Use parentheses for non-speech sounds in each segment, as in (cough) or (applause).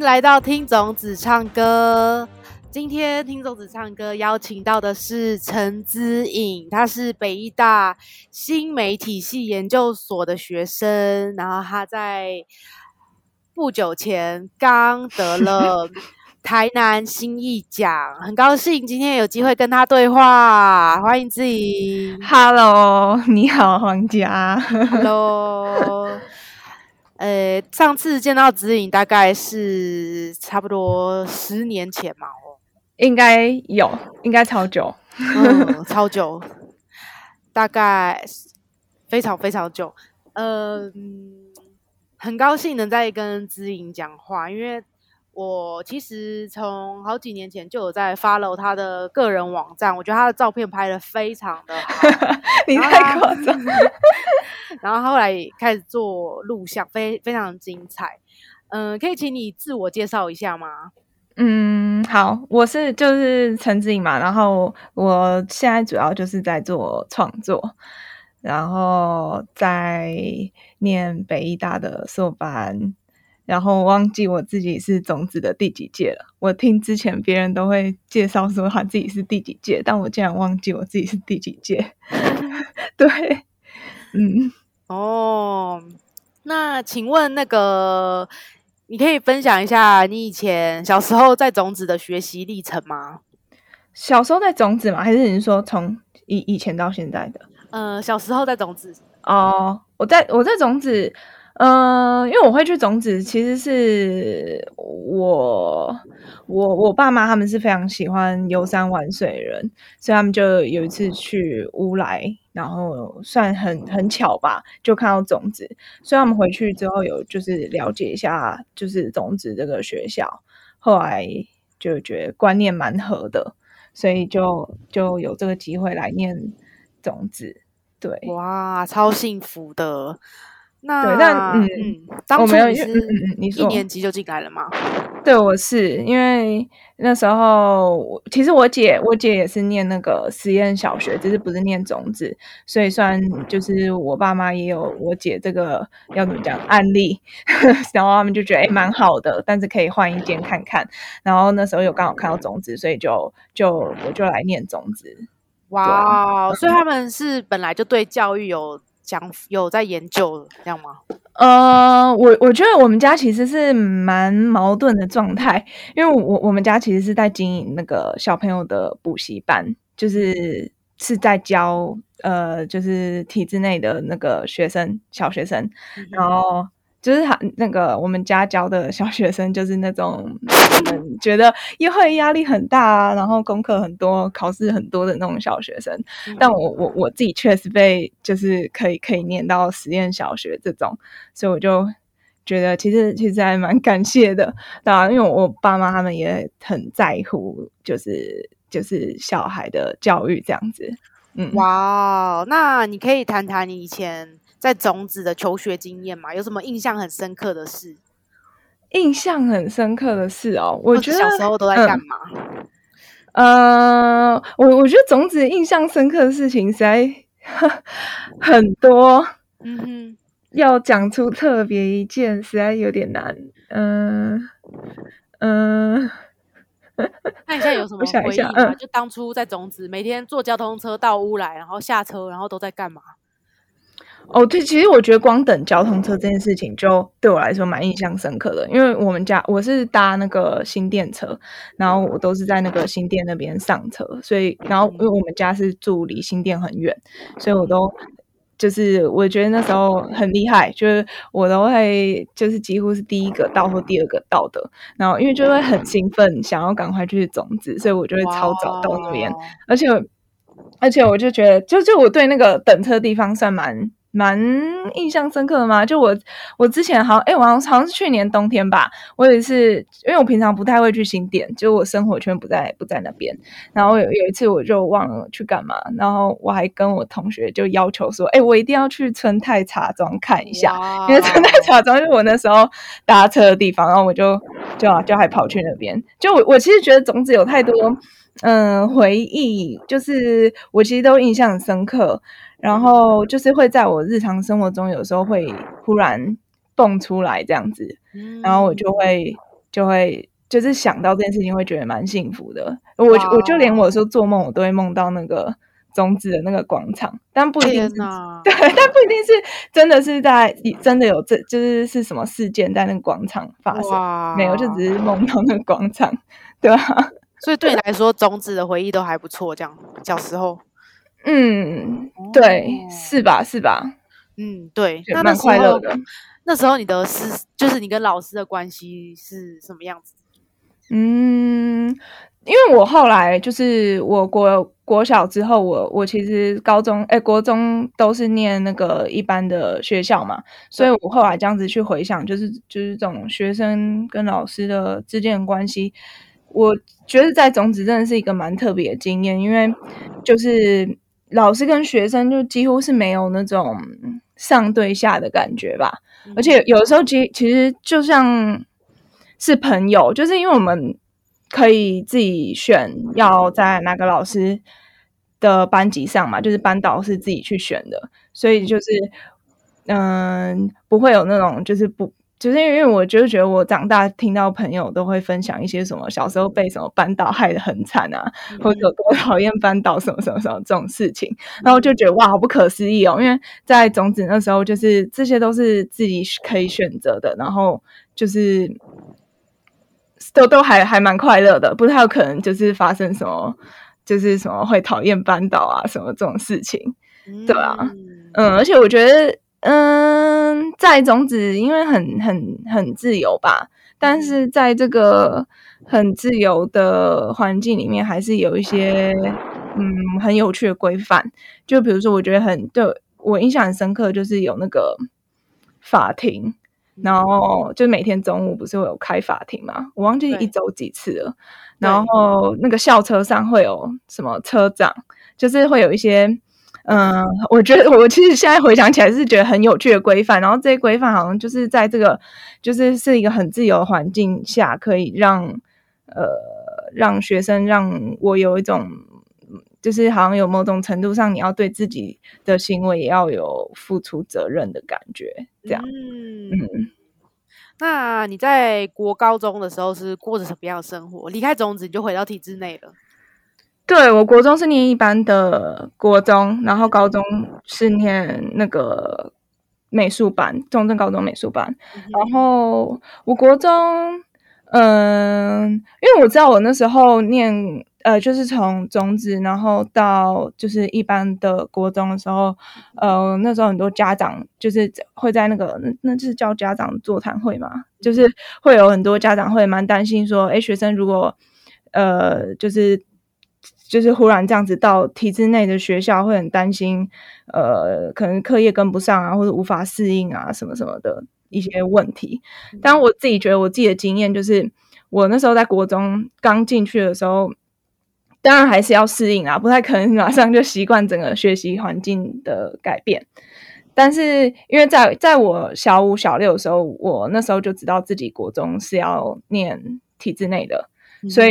來到聽種籽唱歌，今天聽種籽唱歌邀請到的是陳姿尹，她是北藝大新媒體系研究所的學生，然後她在不久前剛得了台南新藝獎，很高興今天有機會跟她對話，歡迎姿尹。Hello，你好，黃迦。Hello。呃，上次見到姿尹大概是差不多十年前嘛，哦，應該有，應該超久，嗯、超久， (laughs) 大概非常非常久。嗯、呃，很高興能再跟姿尹講話，因為我其實從好幾年前就有在 follow 他的個人網站，我覺得他的照片拍得非常的好， (laughs) 你太誇張了。 (laughs) (laughs) 然後後來開始做錄像，非非常精彩。嗯、呃，可以請你自我介紹一下嗎？嗯，好，我是就是陳姿尹嘛。然後我現在主要就是在做創作，然後在念北藝大的碩班。然後忘記我自己是種籽的第幾屆了。我聽之前別人都會介紹說他自己是第幾屆，但我竟然忘記我自己是第幾屆。 (laughs) 對，嗯。哦，oh, 那請問那個，你可以分享一下你以前小時候在種籽的學習歷程嗎？小時候在種籽嗎？還是你是說從以以前到現在的？呃，小時候在種籽。哦，oh, 我在，我在種籽。嗯、呃，因為我會去種籽，其實是我我我爸媽他們是非常喜歡遊山玩水的人，所以他們就有一次去烏來，然後算很很巧吧，就看到種籽，所以他們回去之後有就是了解一下，就是種籽這個學校，後來就覺得觀念蠻合的，所以就就有這個機會來念種籽。對，哇，超幸福的。那那嗯，我沒有因為嗯嗯嗯，你說一年級就進來了嗎？嗯、對，我是因為那時候，其實我姐我姐也是念那個實驗小學，只是不是念種籽，所以雖然就是我爸媽也有我姐這個要怎麼講案例呵呵，然後他們就覺得、哎、蠻好的，但是可以換一間看看。然後那時候有剛好看到種籽，所以就就我就來念種籽。哇，對，所以他們是本來就對教育有。有在研究這樣嗎？Uh, 我我覺得我們家其實是蠻矛盾的狀態，因為我我們家其實是在經營那個小朋友的補習班，就是是在教呃，就是體制內的那個學生，小學生，mm hmm. 然後。就是他那個我們家教的小學生，就是那種他們覺得因為壓力很大啊，然後功課很多，考試很多的那種小學生。但我我我自己確實被就是可以可以念到實驗小學這種，所以我就覺得其實其實還蠻感謝的當然、啊、因為我爸媽他們也很在乎，就是就是小孩的教育這樣子。嗯，哇，wow, 那你可以談談你以前，在種籽的求學經驗嘛，有什麼印象很深刻的事？印象很深刻的事哦，我覺得小時候都在幹嘛，嗯？呃，我我覺得種籽印象深刻的事情實在很多，嗯嗯哼，要講出特別一件實在有點難，嗯、呃、嗯，呃、看一下有什麼回憶？我想嗯、就當初在種籽，每天坐交通車到烏來，然後下車，然後都在幹嘛？哦，對，其實我覺得光等交通車這件事情就對我來說蠻印象深刻的，因為我們家我是搭那個新店車，然後我都是在那個新店那邊上車，所以然後因為我們家是住離新店很遠，所以我都就是我覺得那時候很厲害，就是我都會就是幾乎是第一個到或第二個到的，然後因為就會很興奮，想要趕快去種籽，所以我就會超早到那邊，哇而且而且我就覺得就就我對那個等車的地方算蠻。蠻印象深刻的嘛。就我，我之前好像，哎、欸，我好像好像是去年冬天吧。我也是，因為我平常不太會去新店，就我生活圈不在不在那邊。然後有有一次我就忘了去幹嘛，然後我還跟我同學就要求說，哎、欸，我一定要去春泰茶莊看一下，Wow. 因為春泰茶莊是我那時候搭車的地方。然後我就就、啊、就還跑去那邊。就我我其實覺得種籽有太多嗯、呃、回憶，就是我其實都印象很深刻。然後就是會在我日常生活中，有時候會忽然蹦出來這樣子，嗯、然後我就會就會就是想到這件事情，會覺得蠻幸福的。哇我就我就連我說做夢，我都會夢到那個種籽的那個廣場，但不一定哪對，但不一定是真的是在真的有這就是是什麼事件在那個廣場發生，哇沒有就只是夢到那個廣場，對啊，所以對你來說，對種籽的回憶都還不錯，這樣小時候。嗯，對，哦、是吧？是吧？嗯，對，以那那蠻快樂的。那時候你的師，就是你跟老師的關係是什麼樣子？嗯，因為我後來就是我國國小之後我，我我其實高中哎，國中都是念那個一般的學校嘛，對所以我後來這樣子去回想，就是就是這種學生跟老師的之間的關係，我覺得在種籽真的是一個蠻特別的經驗，因為就是。老師跟學生就幾乎是沒有那種上對下的感覺吧，而且有時候其其實就像是朋友，就是因為我們可以自己選要在哪個老師的班級上嘛，就是班導是自己去選的，所以就是嗯、呃，不會有那種就是不。就是因為我就覺得我長大聽到朋友都會分享一些什麼小時候被什麼班導害得很慘啊，嗯、或者多討厭班導什麼，什麼什麼什麼這種事情，然後就覺得哇，好不可思議哦！因為在種籽那時候，就是這些都是自己可以選擇的，然後就是都都還還蠻快樂的，不太有可能就是發生什麼就是什麼會討厭班導啊什麼這種事情，嗯、對啊，嗯，而且我覺得。嗯，在種籽因為很很很自由吧，但是在這個很自由的環境裡面，還是有一些嗯很有趣的規範。就比如說，我覺得很對我印象很深刻，就是有那個法庭，嗯、然後就每天中午不是會有開法庭嘛？我忘記一周幾次了。對然後那個校車上會有什麼車長，就是會有一些。嗯、呃，我覺得我其實現在回想起來是覺得很有趣的規範，然後這些規範好像就是在這個，就是是一個很自由的環境下可以讓呃讓學生讓我有一種就是好像有某種程度上你要對自己的行為也要有付出責任的感覺，這樣。嗯。嗯，那你在國高中的時候是過着什麼樣的生活？離開種籽你就回到體制內了。對，我國中是念一般的國中，然後高中是念那個美術班，中正高中美術班。然後我國中，嗯、呃，因為我知道我那時候念，呃，就是從種籽，然後到就是一般的國中的時候，呃，那時候很多家長就是會在那個那那就是叫家長座談會嘛，就是會有很多家長會蠻擔心說，誒，學生如果，呃，就是。就是忽然這樣子到體制內的學校，會很擔心，呃，可能課業跟不上啊，或者無法適應啊，什麼什麼的一些問題。但我自己覺得我自己的經驗就是，我那時候在國中剛進去的時候，當然還是要適應啊，不太可能馬上就習慣整個學習環境的改變。但是因為在在我小五、小六的時候，我那時候就知道自己國中是要念體制內的，嗯、所以。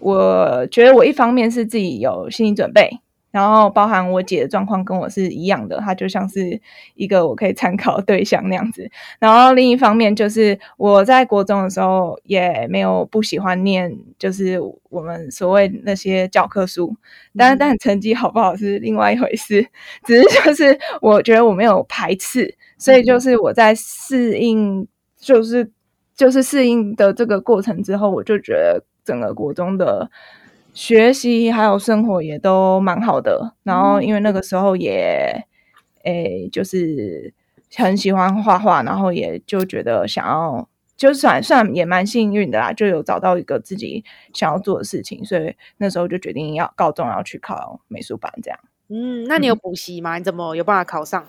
我覺得我一方面是自己有心理準備，然後包含我姐的狀況跟我是一樣的，她就像是一個我可以參考的對象那樣子。然後另一方面就是我在國中的時候也沒有不喜歡念，就是我們所謂那些教科書。嗯、但但成績好不好是另外一回事，只是就是我覺得我沒有排斥，所以就是我在適應、就是，就是就是適應的這個過程之後，我就覺得。整個國中的學習還有生活也都蠻好的，然後因為那個時候也、嗯、誒就是很喜歡畫畫，然後也就覺得想要，就算算也蠻幸運的啦，就有找到一個自己想要做的事情，所以那時候就決定要高中要去考美術班這樣。嗯，那你有補習嗎？嗯、你怎麼有辦法考上？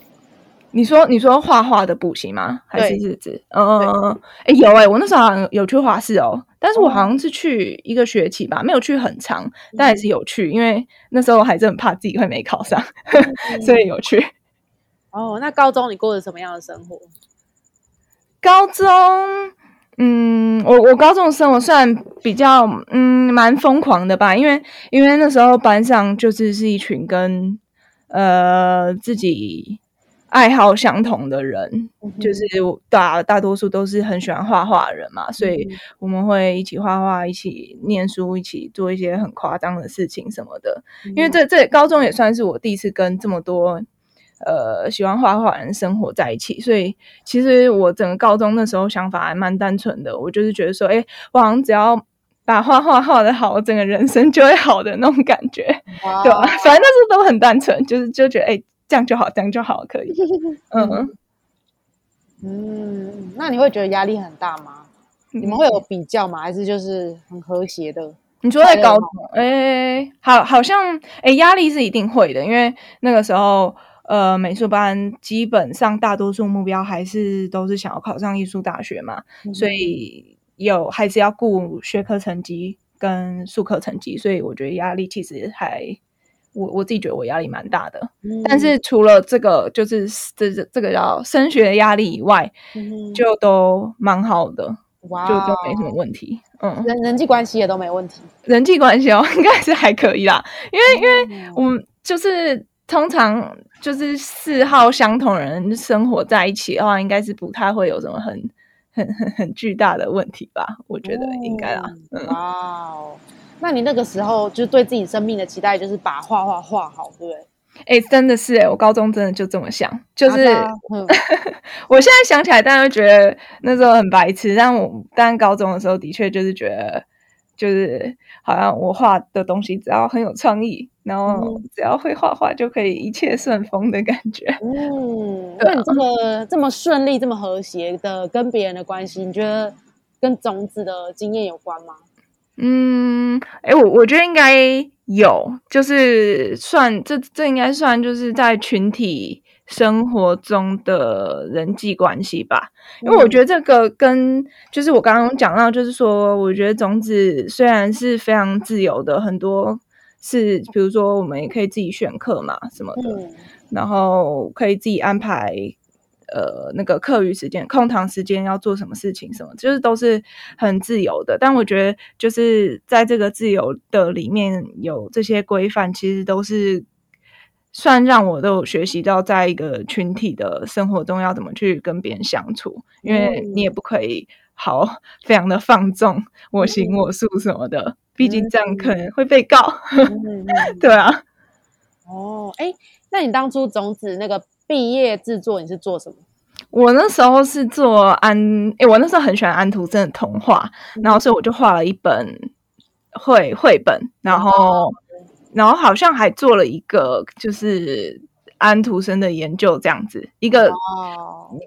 你說你說畫畫的補習嗎？還是是指？嗯嗯嗯嗯，哎、呃、對有哎、欸，我那時候有去畫室哦。但是我好像是去一個學期吧，嗯、沒有去很長，但也是有去，因為那時候我還真很怕自己會沒考上，嗯、 (laughs) 所以有去。哦，那高中你過的什麼樣的生活？高中，嗯，我我高中的生活算比較嗯蠻瘋狂的吧，因為因為那時候班上就是是一群跟呃自己。愛好相同的人，就是大大多數都是很喜歡畫畫的人嘛，所以我們會一起畫畫，一起念書，一起做一些很誇張的事情什麼的。因為這這高中也算是我第一次跟這麼多呃喜歡畫畫的人生活在一起，所以其實我整個高中那時候想法還蠻單純的，我就是覺得說，哎，我好像只要把畫畫畫得好，我整個人生就會好的那種感覺，Oh, okay. 對吧？反正那時候都很單純，就是就覺得哎。誒這樣就好，這樣就好，可以。 (laughs) 嗯嗯，那你會覺得壓力很大嗎？你們會有比較嗎？嗯、還是就是很和諧的？你說在高中，哎、欸，好，好像，哎、欸，壓力是一定會的，因為那個時候，呃，美術班基本上大多數目標還是都是想要考上藝術大學嘛，嗯、所以有還是要顧學科成績跟術科成績，所以我覺得壓力其實還。我我自己覺得我壓力蠻大的，嗯、但是除了這個，就是這這這個叫升學壓力以外，嗯、就都蠻好的，Wow 就就沒什麼問題。嗯，人人際關係也都沒問題。 (laughs) 人際關係哦，應該是還可以啦。因為因為我們就是通常就是嗜好相同人生活在一起的話、哦，應該是不太會有什麼很很很很巨大的問題吧？我覺得、oh. 應該啦。嗯，哦。Wow. 那你那個時候就對自己生命的期待就是把畫畫畫好，對不對？哎、欸，真的是哎、欸，我高中真的就這麼想，就是，啊啊嗯、 (laughs) 我現在想起來當然覺得那時候很白痴，但我但高中的時候的確就是覺得，就是好像我畫的東西只要很有創意，嗯、然後只要會畫畫就可以一切順風的感覺。嗯，那你、啊、這麼、個、這麼順利、這麼和諧的跟別人的關係，你覺得跟種子的經驗有關嗎？嗯，哎，我我覺得應該有，就是算這這應該算就是在群體生活中的人際關係吧，因為我覺得這個跟就是我剛剛講到，就是說我覺得種籽雖然是非常自由的，很多是比如說我們也可以自己選課嘛什麼的，然後可以自己安排。呃，那個課餘時間、空堂時間要做什麼事情，什麼就是都是很自由的。但我覺得，就是在這個自由的裡面，有這些規範，其實都是算讓我都學習到，在一個群體的生活中要怎麼去跟別人相處。嗯、因為你也不可以好非常的放縱，我行我素什麼的，嗯、畢竟這樣可能會被告。嗯、 (laughs) 對啊。哦，哎，那你當初種籽那個畢業制作，你是做什麼？我那時候是做安、欸，我那時候很喜歡安徒生的童話，嗯、然後所以我就畫了一本繪繪本，然後，然後好像還做了一個就是安徒生的研究這樣子，一個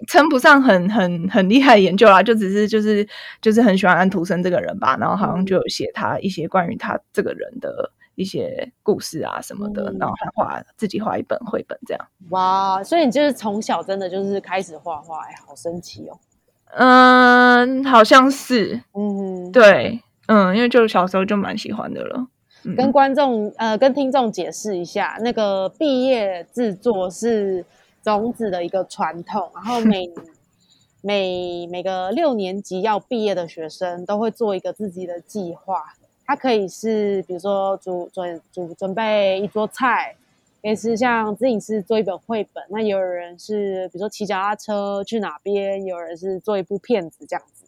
稱不上很很很厲害的研究啦，就只是就是就是很喜歡安徒生這個人吧，然後好像就有寫他一些關於他這個人的。一些故事啊什麼的，嗯、然後還畫自己畫一本繪本，這樣。哇，所以你就是從小真的就是開始畫畫，哎，好神奇哦。嗯，好像是，嗯哼，對，嗯，因為就小時候就蠻喜歡的了。跟觀眾、嗯、哼呃，跟聽眾解釋一下，那個畢業製作是種籽的一個傳統，然後每 (laughs) 每每個六年級要畢業的學生都會做一個自己的計劃。他可以是，比如說準准准準備一桌菜，也是像自己是做一本繪本。那有人是，比如說騎腳踏車去哪邊，有人是做一部片子這樣子。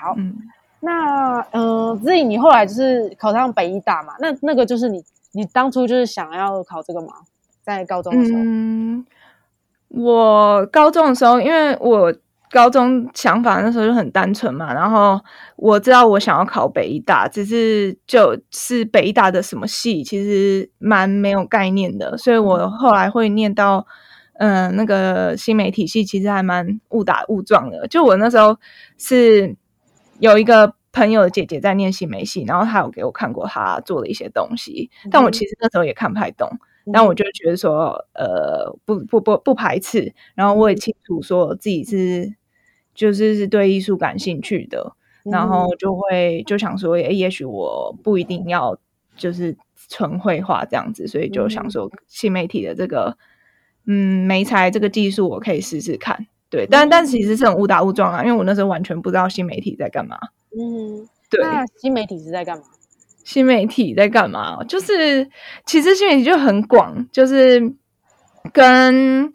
好，嗯，那嗯、呃，自己你後來就是考上北藝大嘛？那那個就是你你當初就是想要考這個嗎？在高中的時候。嗯，我高中的時候，因為我。高中想法那時候就很單純嘛，然後我知道我想要考北藝大，只是就是北藝大的什麼系其實蠻沒有概念的，所以我後來會唸到，嗯、呃，那個新媒體系其實還蠻誤打誤撞的。就我那時候是有一個朋友的姐姐在念新媒體系，然後她有給我看過她做的一些東西，但我其實那時候也看不太懂，但我就覺得說，呃，不不不不排斥，然後我也清楚說自己是。就是是對藝術感興趣的，然後就會就想說，哎、欸，也許我不一定要就是純繪畫這樣子，所以就想說新媒體的這個嗯媒材這個技術，我可以試試看。對，但但其實是很誤打誤撞啊，因為我那時候完全不知道新媒體在幹嘛。嗯哼，對。那新媒體是在幹嘛？新媒體在幹嘛？就是其實新媒體就很廣，就是跟。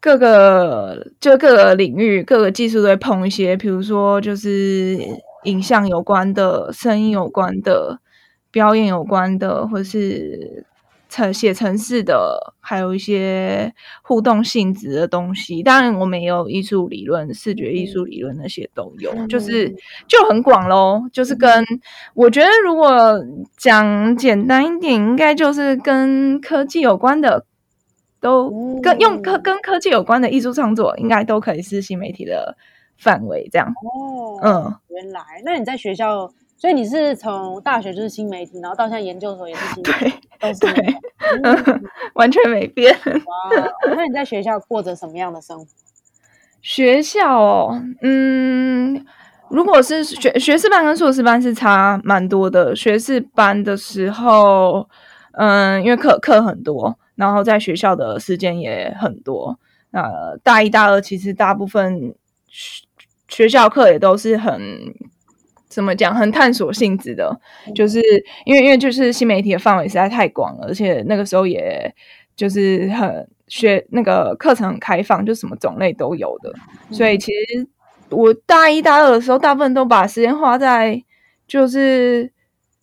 各個就各個領域，各個技術都會碰一些，比如說就是影像有關的、聲音有關的、表演有關的，或者是寫程式的，還有一些互動性質的東西。當然，我們也有藝術理論、視覺藝術理論那些都有，嗯、就是就很廣嘍。就是跟、嗯、我覺得，如果講簡單一點，應該就是跟科技有關的。都跟、嗯、用科跟科技有關的藝術創作，應該都可以是新媒體的範圍這樣哦。嗯，原來那你在學校，所以你是從大學就是新媒體，然後到現在研究所也是新媒體。對完全沒變。哇，那你在學校過着什麼樣的生活？ (laughs) 學校，嗯，如果是學學士班跟碩士班是差蠻多的。學士班的時候，嗯，因為課課很多。然後在學校的時間也很多。那、呃、大一大二其實大部分學學校課也都是很怎麼講，很探索性質的。就是因為因為就是新媒體的範圍實在太廣了，而且那個時候也就是很學那個課程很開放，就什麼種類都有的。所以其實我大一大二的時候，大部分都把時間花在就是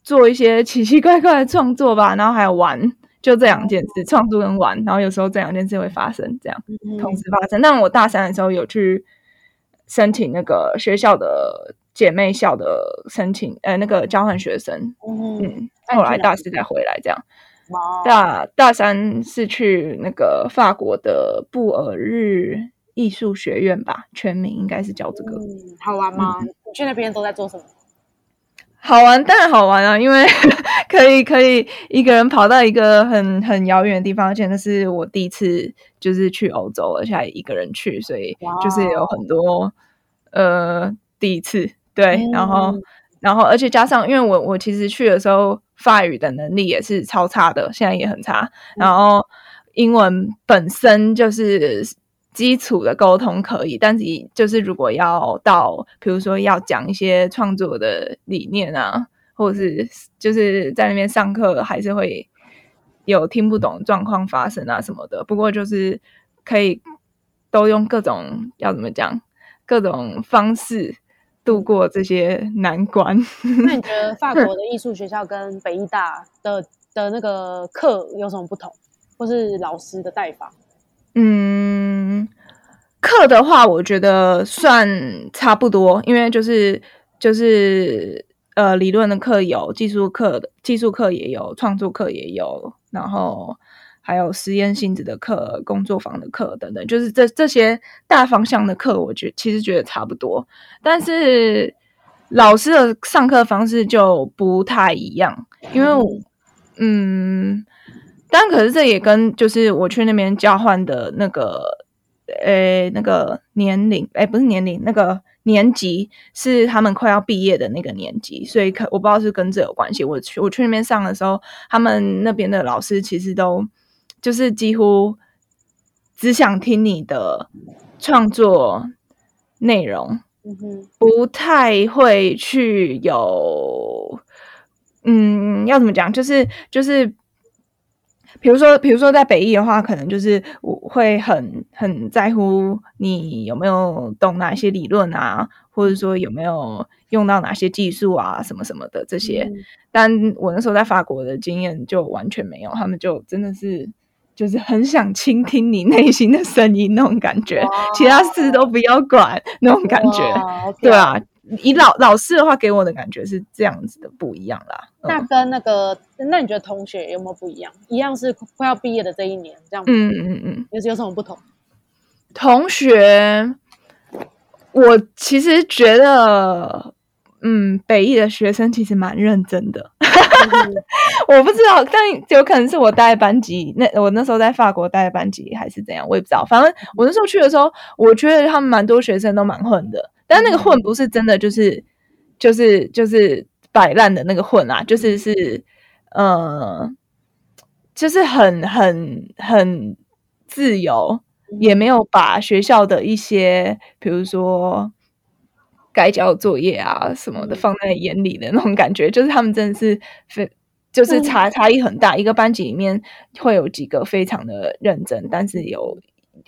做一些奇奇怪怪的創作吧，然後還有玩。就這兩件事，創、嗯、哼作跟玩，然後有時候這兩件事會發生，這樣、嗯、哼同時發生。那我大三的時候有去申請那個學校的姐妹校的申請，呃、欸，那個交換學生。嗯，哼嗯，後來大四再回來這樣。嗯、哼大大三是去那個法國的布爾日藝術學院吧，全名應該是叫這個。嗯、好玩、啊、嗎？嗯、你去那邊都在做什麼？好玩，當然好玩啊！因為可以可以一個人跑到一個很很遙遠的地方，而且那是我第一次，就是去歐洲，而且還一個人去，所以就是有很多 Wow. 呃、第一次，對，然後、mm. 然後而且加上，因為我我其實去的時候法語的能力也是超差的，現在也很差，然後英文本身就是。基礎的溝通可以，但是就是如果要到，比如說要講一些創作的理念啊，或者是就是在那邊上課，還是會有聽不懂狀況發生啊什麼的。不過就是可以都用各種要怎麼講，各種方式度過這些難關。那你覺得法國的藝術學校跟北藝大的是的那個課有什麼不同，或是老師的帶法？嗯。課的話，我覺得算差不多，因為就是就是呃，理論的課有，技術課技術課也有，創作課也有，然後還有實驗性質的課、工作坊的課等等，就是這這些大方向的課，我覺得其實覺得差不多，但是老師的上課方式就不太一樣，因為嗯，但可是這也跟就是我去那邊交換的那個。誒、欸，那個年齡，誒、欸，不是年齡，那個年級是他們快要畢業的那個年級，所以可我不知道是不是跟這有關係。我去我去那邊上的時候，他們那邊的老師其實都就是幾乎只想聽你的創作內容，嗯哼，不太會去有，嗯，要怎麼講，就是就是，比如說比如說在北藝的話，可能就是我。會很很在乎你有沒有懂哪些理論啊，或者說有沒有用到哪些技術啊，什麼什麼的這些。嗯、但我那時候在法國的經驗就完全沒有，他們就真的是就是很想傾聽你內心的聲音那種感覺，哇其他事都不要管那種感覺，對啊。以老老師的話給我的感覺是這樣子的，不一樣啦。嗯、那跟那個，那你覺得同學有沒有不一樣？一樣是快要畢業的這一年，這樣？嗯嗯嗯，有有什麼不同？同學，我其實覺得，嗯，北藝的學生其實蠻認真的。嗯嗯 (laughs) 我不知道，但有可能是我待班級那我那時候在法國待班級還是怎樣，我也不知道。反正我那時候去的時候，我覺得他們蠻多學生都蠻混的。但那個混不是真的，就是，就是就是就是擺爛的那個混啊，就是是呃，就是很很很自由，也沒有把學校的一些，比如說該交作業啊什麼的放在眼裡的那種感覺。就是他們真的是非，就是差差異很大。嗯、一個班級裡面會有幾個非常的認真，但是有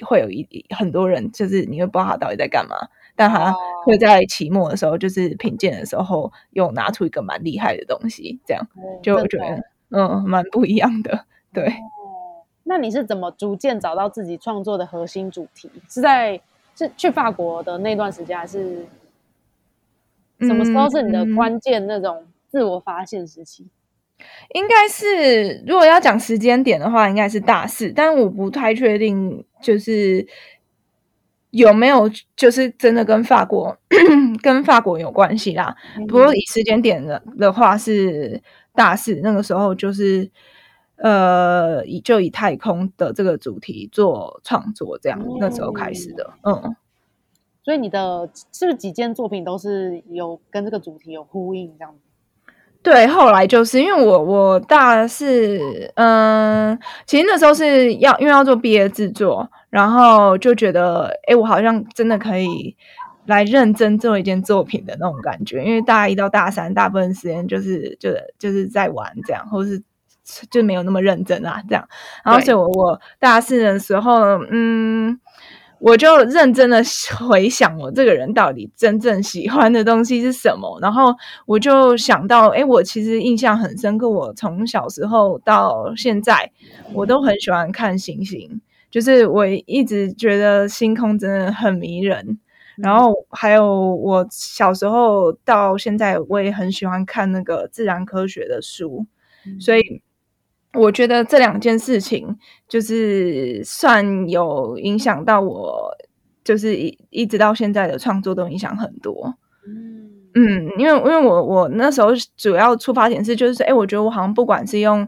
會有一很多人，就是你又不知道他到底在幹嘛。但他會在期末的時候，oh, okay. 就是評鑑的時候，又拿出一個蠻厲害的東西，這樣 okay, 就覺得 okay. 嗯蠻不一樣的。對，那你是怎麼逐漸找到自己創作的核心主題？是在是去法國的那段時間，還是什麼時候是你的關鍵那種自我發現時期？嗯嗯、應該是，如果要講時間點的話，應該是大四，但我不太確定，就是。有沒有就是真的跟法國 (coughs) 跟法國有關係啦？不過以時間點的的話是大四，那個時候就是呃以就以太空的這個主題做創作，這樣、嗯、那時候開始的。嗯，所以你的是不是幾件作品都是有跟這個主題有呼應，這樣子。對，後來就是因為我我大四，嗯，其實那時候是要因為要做畢業制作，然後就覺得，誒，我好像真的可以來認真做一件作品的那種感覺。因為大一到大三大部分時間就是就是就是在玩這樣，或是就沒有那麼認真啊這樣。然後所以我對我大四的時候，嗯。我就認真的回想，我這個人到底真正喜歡的東西是什麼？然後我就想到，誒、欸，我其實印象很深刻，我從小時候到現在，我都很喜歡看星星，嗯，就是我一直覺得星空真的很迷人。嗯，然後還有，我小時候到現在，我也很喜歡看那個自然科學的書，嗯，所以。我覺得這兩件事情就是算有影響到我，就是一一直到現在的創作都影響很多。嗯，因為因為我我那時候主要出發點是就是說，哎，我覺得我好像不管是用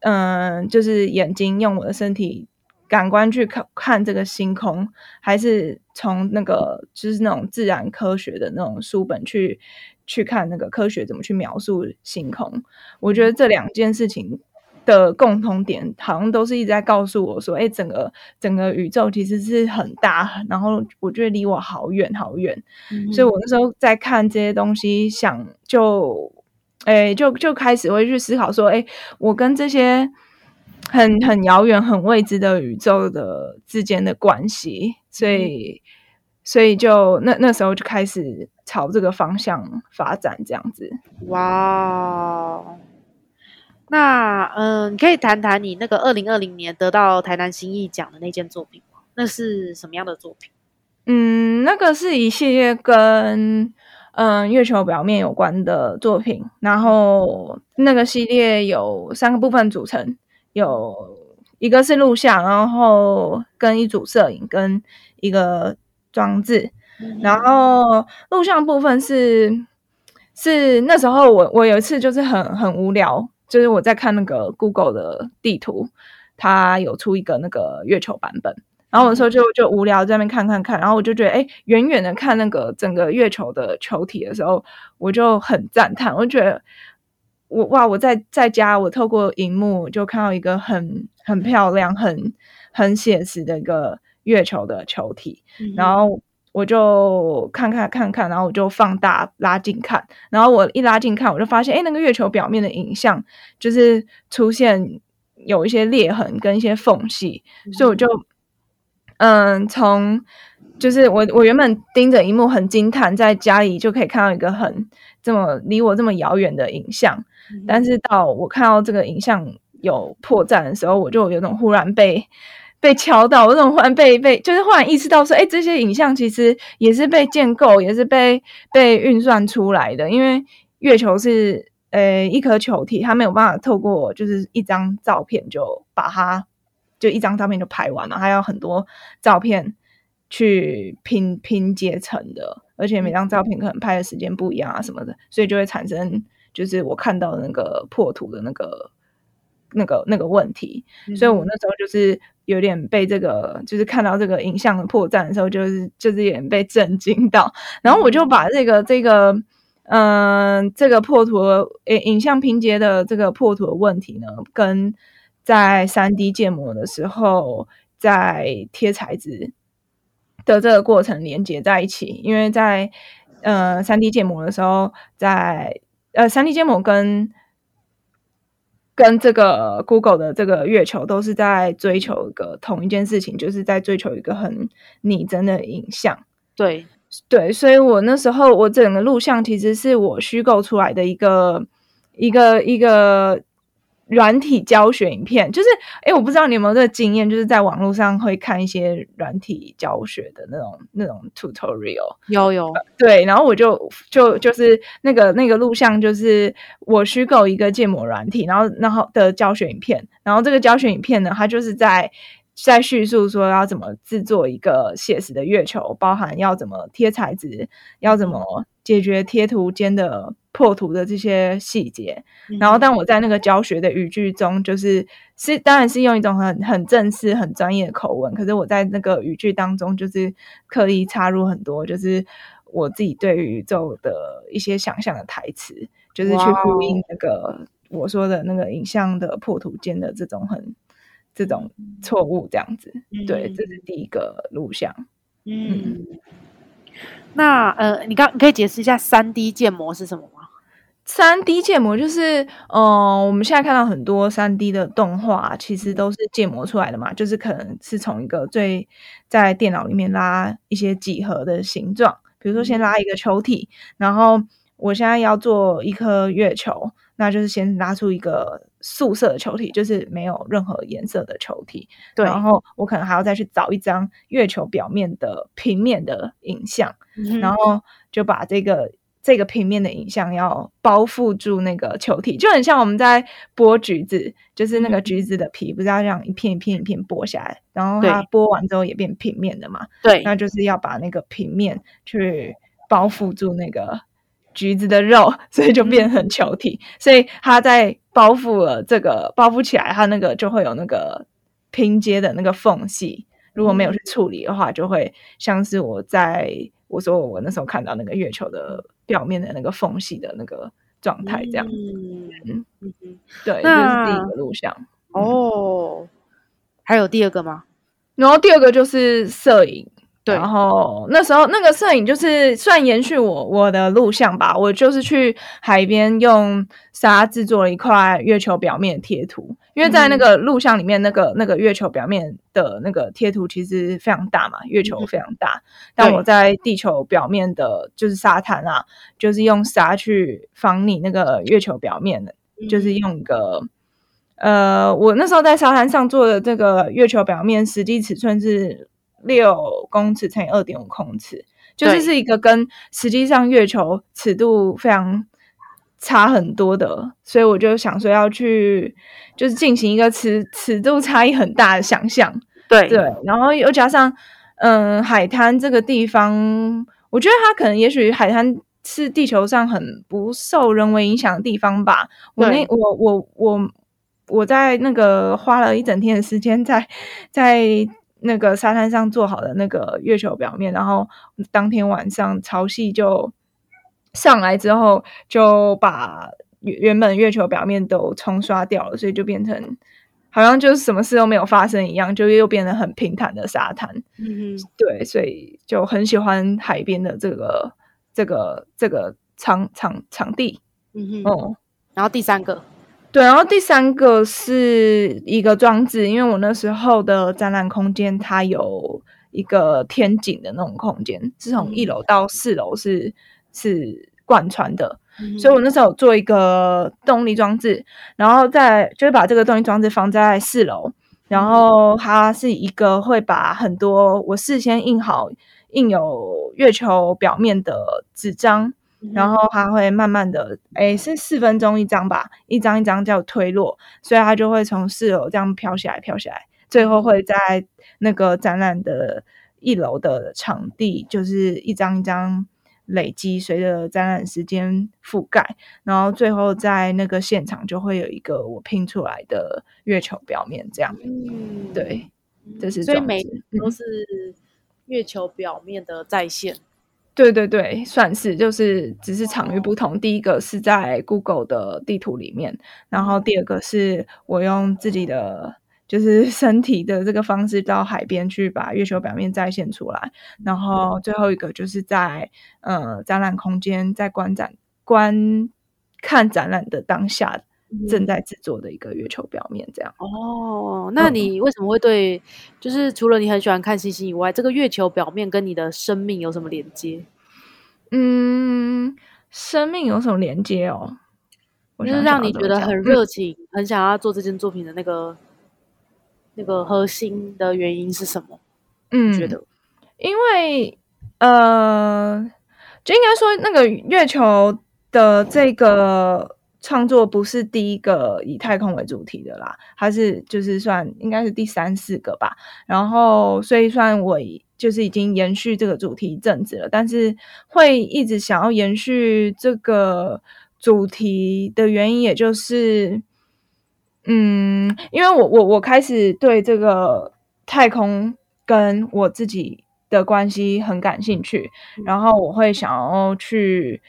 嗯、呃，就是眼睛用我的身體感官去看看這個星空，還是從那個就是那種自然科學的那種書本去去看那個科學怎麼去描述星空，我覺得這兩件事情。的共同點好像都是一直在告訴我說：“哎，整個整個宇宙其實是很大，然後我覺得離我好遠好遠。嗯”所以，我那時候在看這些東西，想就哎，就誒就，就開始會去思考說：“哎，我跟這些很很遙遠、很未知的宇宙的之間的關係。”所以，嗯，所以就那那時候就開始朝這個方向發展，這樣子。哇。那嗯，你可以談談你那個二零二零年得到台南新藝獎的那件作品嗎？那是什麼樣的作品？嗯，那個是一系列跟嗯月球表面有關的作品，然後那個系列有三個部分組成，有一個是錄像，然後跟一組攝影跟一個裝置，嗯、然後錄像部分是是那時候我我有一次就是很很無聊。就是我在看那個 Google 的地圖，它有出一個那個月球版本。然後有時候就就無聊在那邊看看看，然後我就覺得，哎，遠遠的看那個整個月球的球體的時候，我就很讚嘆，我覺得，我哇，我在在家，我透過螢幕就看到一個很很漂亮、很很寫實的一個月球的球體，然後。嗯嗯我就看看看看，然後我就放大拉近看，然後我一拉近看，我就發現，哎，那個月球表面的影像就是出現有一些裂痕跟一些縫隙，嗯、所以我就，嗯，從就是我我原本盯着一幕很驚嘆，在家裡就可以看到一個很這麼離我這麼遙遠的影像，嗯、但是到我看到這個影像有破綻的時候，我就有種忽然被。被敲到，我怎麼忽然被被，就是忽然意識到說，哎，這些影像其實也是被建構，也是被被運算出來的。因為月球是呃一顆球體，它沒有辦法透過就是一張照片就把它就一張照片就拍完了，它要很多照片去拼拼接成的，而且每張照片可能拍的時間不一樣啊什麼的，所以就會產生就是我看到的那個破圖的那個。那個那個問題，嗯、所以我那時候就是有點被這個，就是看到這個影像的破綻的時候，就是就是有點被震驚到。然後我就把這個這個，嗯、呃，這個破圖的影像拼接的這個破圖的問題呢，跟在三 D 建模的時候在貼材質的這個過程連接在一起，因為在呃三 D 建模的時候，在呃三 D 建模跟跟這個 Google 的這個月球都是在追求一個同一件事情，就是在追求一個很擬真的影像。對對，所以我那時候我整個錄像其實是我虛構出來的一個一個一個。一個軟體教學影片就是，哎、欸，我不知道你有沒有這個經驗，就是在網絡上會看一些軟體教學的那種、那種 tutorial。有有、呃。對，然後我就就就是那個那個錄像，就是我虛構一個建模軟體，然後然後的教學影片，然後這個教學影片呢，它就是在在敘述說要怎麼製作一個寫實的月球，包含要怎麼貼材質，要怎麼解決貼圖間的。破圖的這些細節，然後，但我在那個教學的語句中，就是是當然是用一種很很正式、很專業的口吻，可是我在那個語句當中，就是刻意插入很多就是我自己對宇宙的一些想象的台詞，就是去呼應那個我說的那個影像的破圖間的這種很這種錯誤，這樣子。對，這是第一個錄像。嗯，嗯那呃，你剛你可以解釋一下三 D 建模是什麼？三 D 建模就是，嗯、呃，我們現在看到很多三 D 的動畫，其實都是建模出來的嘛。就是可能是從一個最在電腦裡面拉一些幾何的形狀，比如說先拉一個球體，然後我現在要做一顆月球，那就是先拉出一個素色的球體，就是沒有任何顏色的球體。對，然後我可能還要再去找一張月球表面的平面的影像，然後就把這個。這個平面的影像要包覆住那個球體，就很像我們在剝橘子，就是那個橘子的皮，不是要這樣一片一片一片剝下來，然後它剝完之後也變平面的嘛？對，那就是要把那個平面去包覆住那個橘子的肉，所以就變成球體。 (laughs) 所以它在包覆了這個包覆起來，它那個就會有那個拼接的那個縫隙，如果沒有去處理的話，就會像是我在我說我那時候看到那個月球的。表面的那個縫隙的那個狀態，這樣子，嗯、對，這是第一個錄像哦。嗯、還有第二個嗎？然後第二個就是攝影，對。然後那時候那個攝影就是算延續我我的錄像吧，我就是去海邊用沙制作了一塊月球表面的貼圖。因為在那個錄像裡面，嗯、那個那個月球表面的那個貼圖其實非常大嘛，月球非常大。嗯、但我在地球表面的就是沙灘啊，就是用沙去仿擬，那個月球表面的，嗯、就是用個呃，我那時候在沙灘上做的這個月球表面，實際尺寸是六公尺乘以二點五公尺，就是是一個跟實際上月球尺度非常差很多的，所以我就想說要去，就是進行一個尺尺度差異很大的想象，對對，然後又加上，嗯，海灘這個地方，我覺得它可能也許海灘是地球上很不受人為影響的地方吧。對我那我我我我在那個花了一整天的時間在在那個沙灘上做好的那個月球表面，然後當天晚上潮汐就。上來之後就把原本月球表面都沖刷掉了，所以就變成好像就是什麼事都沒有發生一樣，就又變得很平坦的沙灘。嗯哼，對，所以就很喜歡海邊的這個這個這個場場場地。嗯哼，哦，然後第三個，對，然後第三個是一個裝置，因為我那時候的展覽空間它有一個天井的那種空間，是從一樓到四樓是，是貫穿的，所以我那時候做一個動力裝置，然後在就是把這個動力裝置放在四樓，然後它是一個會把很多我事先印好印有月球表面的紙張，然後它會慢慢的，誒，是四分鐘一張吧，一張一張這樣推落，所以它就會從四樓這樣飄起來，飄起來，最後會在那個展覽的一樓的場地，就是一張一張。累積，隨着展覽時間覆蓋，然後最後在那個現場就會有一個我拼出來的月球表面這樣。嗯，對，嗯、這是所以每都是月球表面的再現、嗯。對對對，算是就是只是場域不同。哦、第一個是在 Google 的地圖裡面，然後第二個是我用自己的。就是身體的這個方式到海邊去把月球表面再現出來，然後最後一個就是在呃展覽空間，在觀展觀看展覽的當下正在製作的一個月球表面這樣。嗯、哦，那你為什麼會對、嗯、就是除了你很喜歡看星星以外，這個月球表面跟你的生命有什麼連接？嗯，生命有什麼連接哦？就是讓你覺得很熱情，嗯、很想要做這件作品的那個。那個核心的原因是什麼？嗯，覺得因為呃，就應該說那個月球的這個創作不是第一個以太空為主題的啦，還是就是算應該是第三四個吧。然後，所以算我就是已經延續這個主題一陣子了，但是會一直想要延續這個主題的原因，也就是。嗯，因為我我我開始對這個太空跟我自己的關係很感興趣，然後我會想要去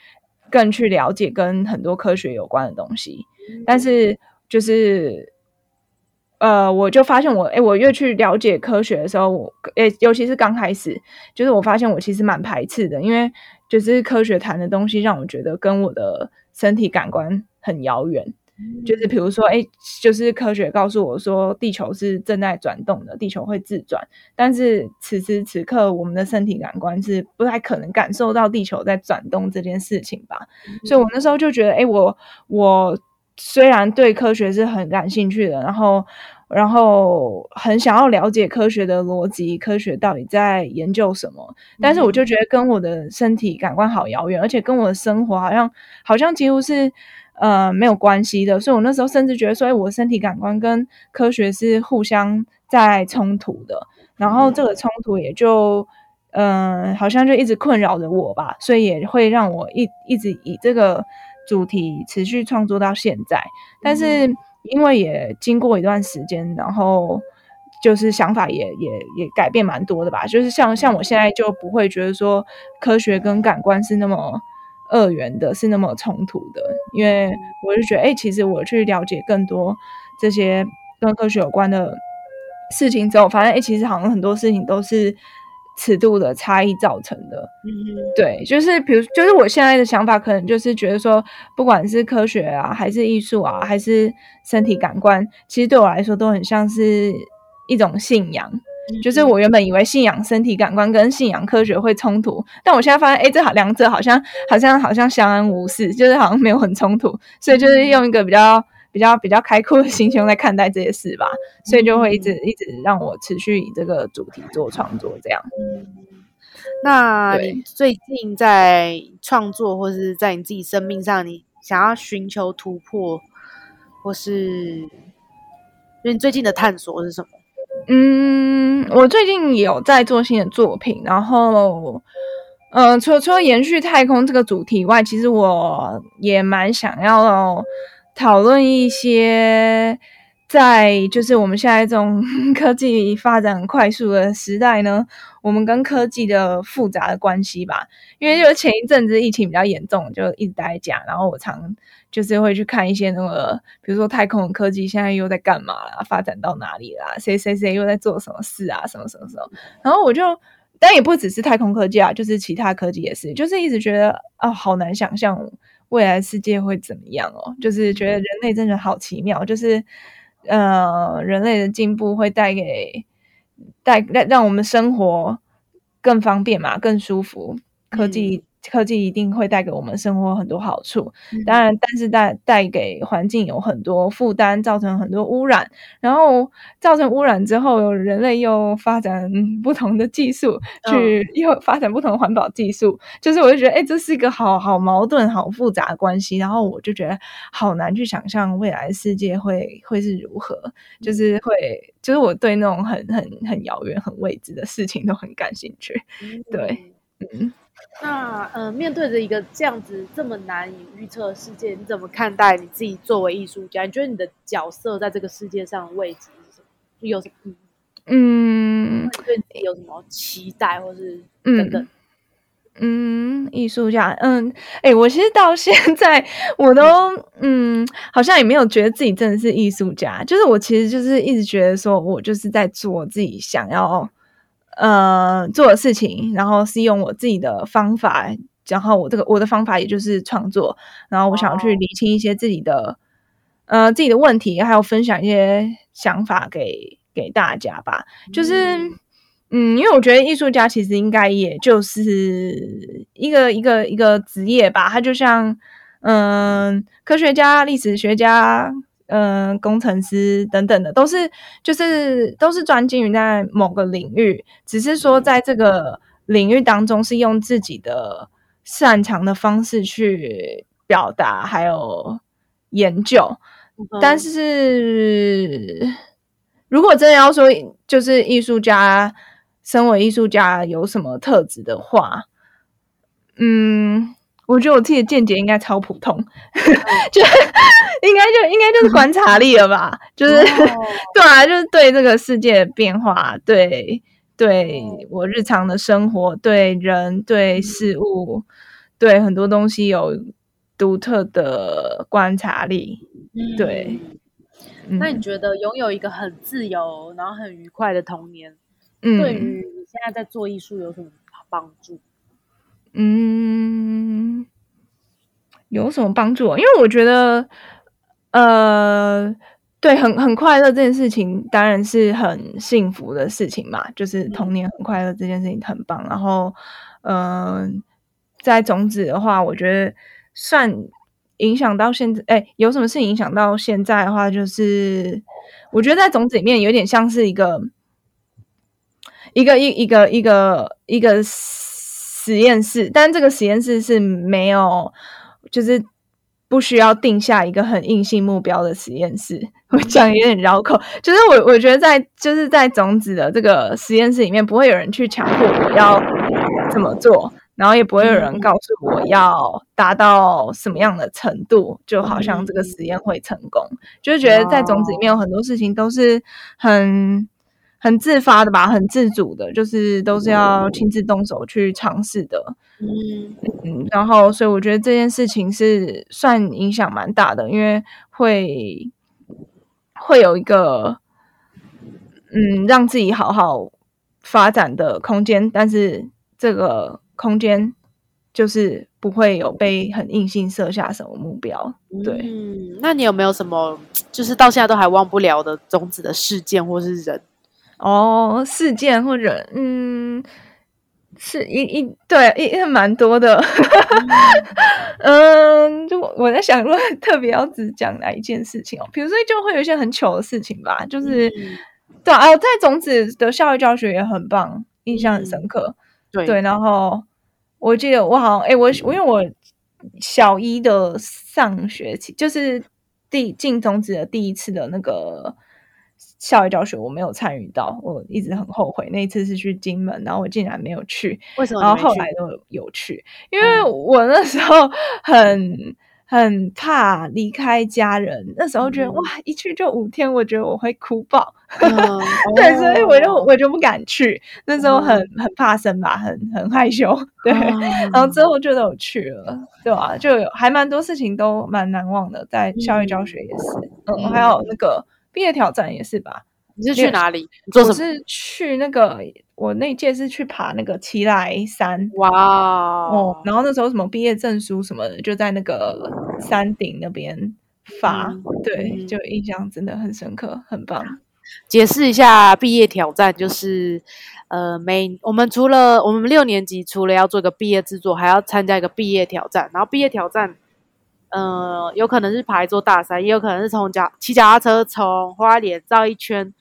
更去了解跟很多科學有關的東西，但是就是呃，我就發現我哎，我越去了解科學的時候，我哎，尤其是剛開始，就是我發現我其實蠻排斥的，因為就是科學談的東西讓我覺得跟我的身體感官很遙遠。就是譬如說，誒、欸、就是科學告訴我說，地球是正在轉動的，地球會自轉，但是此時此刻我們的身體感官是不太可能感受到地球在轉動這件事情吧？所以我那時候就覺得，誒、欸、我我雖然對科學是很感興趣的，然後。然後很想要了解科學的邏輯，科學到底在研究什麼？嗯、但是我就覺得跟我的身體感官好遙遠，而且跟我的生活好像好像幾乎是呃沒有關係的。所以，我那時候甚至覺得說，哎，我身體感官跟科學是互相在衝突的。然後這個衝突也就嗯、呃，好像就一直困擾着我吧。所以也會讓我一一直以這個主題持續創作到現在。但是。嗯因為也經過一段時間，然後就是想法也也也改變蠻多的吧。就是像像我現在就不會覺得說科學跟感官是那麼二元的，是那麼衝突的。因為我就覺得，哎、欸，其實我去了解更多這些跟科學有關的事情之後，反正哎、欸，其實好像很多事情都是。尺度的差異造成的，嗯哼，對，就是，比如，就是我現在的想法，可能就是覺得說，不管是科學啊，還是藝術啊，還是身體感官，其實對我來說，都很像是一種信仰。就是我原本以為信仰身體感官跟信仰科學會衝突，但我現在發現，哎，這好兩者好像好像好像相安無事，就是好像沒有很衝突，所以就是用一個比較。比較比較開闊的心胸在看待這些事吧，所以就會一直一直讓我持續以這個主題做創作。這樣、嗯，那你最近在創作，或者是在你自己生命上，你想要尋求突破，或是你最近的探索是什麼？嗯，我最近有在做新的作品，然後，呃，除了除了延續太空這個主題以外，其實我也蠻想要。討論一些在就是我們現在這種科技發展快速的時代呢，我們跟科技的複雜的關係吧。因為就前一陣子疫情比較嚴重，就一直待在家，然後我常就是會去看一些那個，比如說太空科技現在又在幹嘛啦，發展到哪裡啦？誰誰誰又在做什麼事啊？什麼什麼什麼？然後我就，但也不只是太空科技啊，就是其他科技也是，就是一直覺得啊、哦，好難想象。未來世界會怎麼樣哦？就是覺得人類真的好奇妙，就是，呃，人類的進步會帶給帶讓讓我們生活更方便嘛，更舒服，科技。嗯。科技一定會帶給我們生活很多好處，當然，嗯、但是帶帶給環境有很多負擔，造成很多污染。然後造成污染之後，人類又發展不同的技術去，去、哦、又發展不同的環保技術。就是我就覺得，哎，這是一個好好矛盾、好複雜的關係。然後我就覺得好難去想象未來世界會會是如何。就是會，就是我對那種很很很遙遠、很未知的事情都很感興趣。嗯、對，嗯。那呃，面對着一個這樣子這麼難以預測的世界，你怎麼看待你自己作為藝術家？你覺得你的角色在這個世界上的位置是什麼？有什麼？嗯，對，有什麼期待或是等等？嗯，嗯，藝術家，嗯，哎、欸，我其實到現在我都嗯，好像也沒有覺得自己真的是藝術家，就是我其實就是一直覺得說，我就是在做自己想要。呃，做的事情，然後是用我自己的方法，然後我這個我的方法也就是創作，然後我想去理清一些自己的、哦、呃自己的問題，還有分享一些想法給給大家吧。就是，嗯，嗯，因為我覺得藝術家其實應該也就是一個一個一個職業吧，他就像嗯、呃、科學家、歷史學家。嗯、呃，工程師等等的都是，就是都是專精於在某個領域，只是說在這個領域當中是用自己的擅長的方式去表達，還有研究。Okay. 但是，如果真的要說，就是藝術家，身為藝術家有什麼特質的話，嗯。我覺得我自己的見解應該超普通，嗯、 (laughs) 應該就應該就應該就是觀察力了吧？嗯、就是、哦、 (laughs) 對啊，就是對這個世界的變化，對對我日常的生活，對人對事物，嗯、對很多東西有獨特的觀察力。嗯、對，那、嗯、你覺得擁有一個很自由然後很愉快的童年，嗯、對於你現在在做藝術有什麼幫助？嗯，有什麼幫助啊？因為我覺得，呃，對，很很快樂這件事情當然是很幸福的事情嘛。就是童年很快樂這件事情很棒。然後，嗯、呃，在種籽的話，我覺得算影響到現在。哎，有什麼事影響到現在的話，就是我覺得在種籽裡面有點像是一個一個一一個一個一個。一個一個一個一個實驗室，但這個實驗室是沒有，就是不需要定下一個很硬性目標的實驗室。我講也有點繞口，就是我我覺得在就是在種籽的這個實驗室裡面，不會有人去強迫我要怎麼做，然後也不會有人告訴我要達到什麼樣的程度，就好像這個實驗會成功，就覺得在種籽裡面有很多事情都是很。很自發的吧，很自主的，就是都是要親自動手去嘗試的。嗯，嗯，然後所以我覺得這件事情是算影響蠻大的，因為會會有一個嗯讓自己好好發展的空間，但是這個空間就是不會有被很硬性設下什麼目標。對，嗯，那你有沒有什麼就是到現在都還忘不了的種籽的事件或是人？哦，事件或者嗯，是一一對也蠻多的， (laughs) 嗯,嗯，就我在想，如果特別要只講哪一件事情哦，比如說就會有一些很糗的事情吧，就是、嗯、對啊，啊，在種籽的校外教學也很棒，印象很深刻，嗯、對對，然後我記得我好像、欸、我我、嗯、因為我小一的上學期就是第進種籽的第一次的那個。校外教學我沒有參與到，我一直很後悔。那一次是去金門，然後我竟然沒有去，為什麼？然後後來都有去，因為我那時候很很怕離開家人。嗯、那時候覺得、嗯、哇，一去就五天，我覺得我會哭爆。嗯、 (laughs) 對，所以我就我就不敢去。嗯、那時候很很怕生吧，很很害羞。對，嗯、然後之後就都有去了，對吧、啊？就有還蠻多事情都蠻難忘的，在校外教學也是，嗯，嗯，還有那個。畢業挑戰也是吧？你是去哪裡？我是去那個，我那屆是去爬那個奇萊山。哇 Wow 哦！然後那時候什麼畢業證書什麼的，就在那個山頂那邊發。嗯、對，就印象真的很深刻，很棒。解釋一下畢業挑戰，就是呃，每我們除了我們六年級除了要做一個畢業制作，還要參加一個畢業挑戰。然後畢業挑戰。嗯、呃，有可能是爬一座大山，也有可能是從腳騎腳踏車從花蓮繞一圈，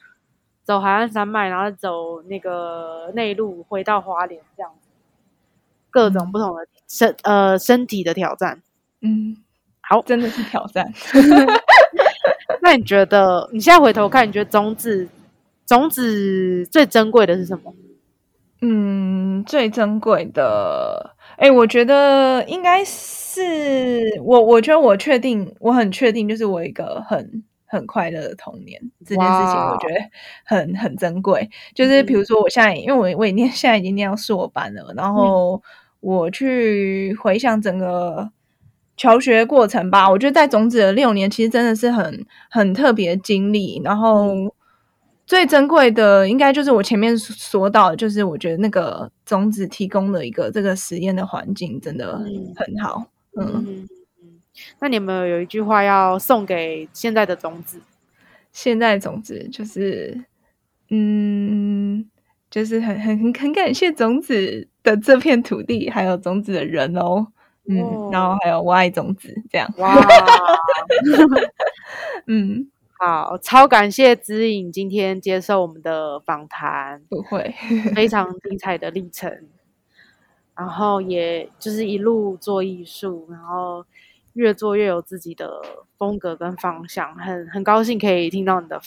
走海岸山脈，然後走那個內陸回到花蓮，這樣子各種不同的身、嗯、呃身體的挑戰。嗯，好，真的是挑戰。 (laughs) (laughs) 那你覺得你現在回頭看，你覺得種籽種籽最珍貴的是什麼？嗯，最珍貴的。哎、欸，我覺得應該是我，我覺得我確定，我很確定，就是我一個很很快樂的童年這件事情，我覺得很 Wow. 很珍貴。就是比如說，我現在、嗯、因為我我也念，現在已經念到碩班了，然後我去回想整個求學過程吧，我覺得在種籽的六年，其實真的是很很特別的經歷，然後、嗯。最珍貴的應該就是我前面說到，就是我覺得那個種子提供了一個這個實驗的環境真的很好。嗯，嗯嗯，那你們有，有有一句話要送給現在的種子？現在種子就是，嗯，就是很很很感謝種子的這片土地，還有種子的人哦。嗯，哦、然後還有我愛種子這樣。哇。 (laughs) 嗯。好，超感謝姿尹今天接受我們的訪談，不會 (laughs) 非常精彩的歷程，然後也就是一路做藝術，然後越做越有自己的風格跟方向，很很高興可以聽到你的分享。